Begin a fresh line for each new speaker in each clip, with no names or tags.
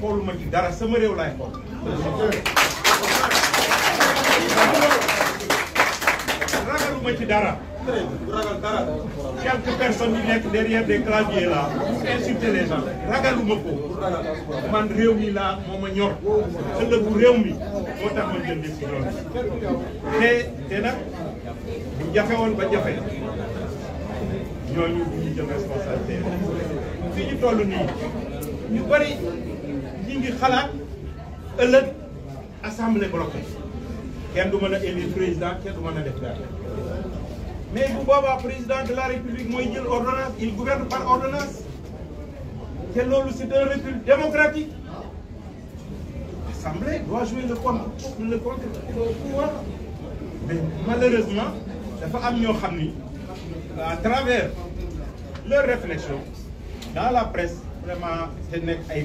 xooluma ci dara sama réew laay Ragalu ragaluma ci dara quelques personnes yi nekk derrière des claviers là pour insulter les gens ragaluma ko man réew mi laa moo ma ñor ëllëgu réew mi moo tax ma jël décision te te nag bu jafe woon ba jafe ñooñu bu ñu jël responsabilité fi ñu toll nii ñu bari l'Assemblée ngi xalaat assemblée bloquée kenn du qui a demandé président kenn du def mais bu le président de la république ordonnance il gouverne par ordonnance c'est c'est un république démocratique l'assemblée doit jouer le contre pouvoir mais malheureusement dafa am ñoo à travers leur réflexion dans la presse vraiment c'est ay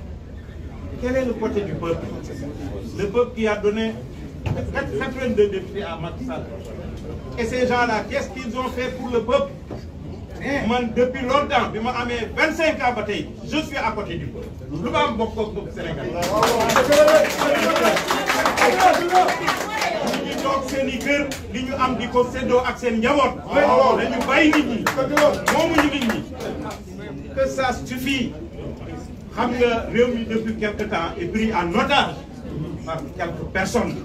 Quel est le côté du peuple Le peuple qui a donné 82 députés à Macky Et ces gens-là, qu'est-ce qu'ils ont fait pour le peuple depuis longtemps je m'en ai 25 ans je suis à côté du peuple Je que ça suffit xam nga depuis quelques temps est pris en otage par quelques personnes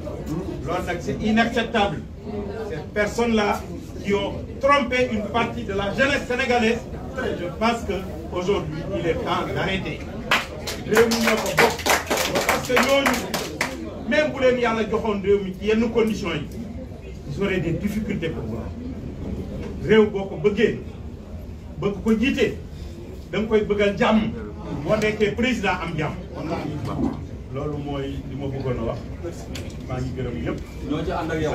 c'est inacceptable ces personnes-là qui ont trompé une partie de la jeunesse sénégalaise je pense qu'aujourd'hui il est temps d'arrêter réew parce que nous même bu leen yàlla joxoon réew mi yenn conditions yi vous des difficultés pour moi réew boo ko bëggee ko jiite koy boo nekkee président am jàmm loolu mooy li ma bëggoon a wax maa ngi gërëm ñëpp ñoo ci ànd ak yow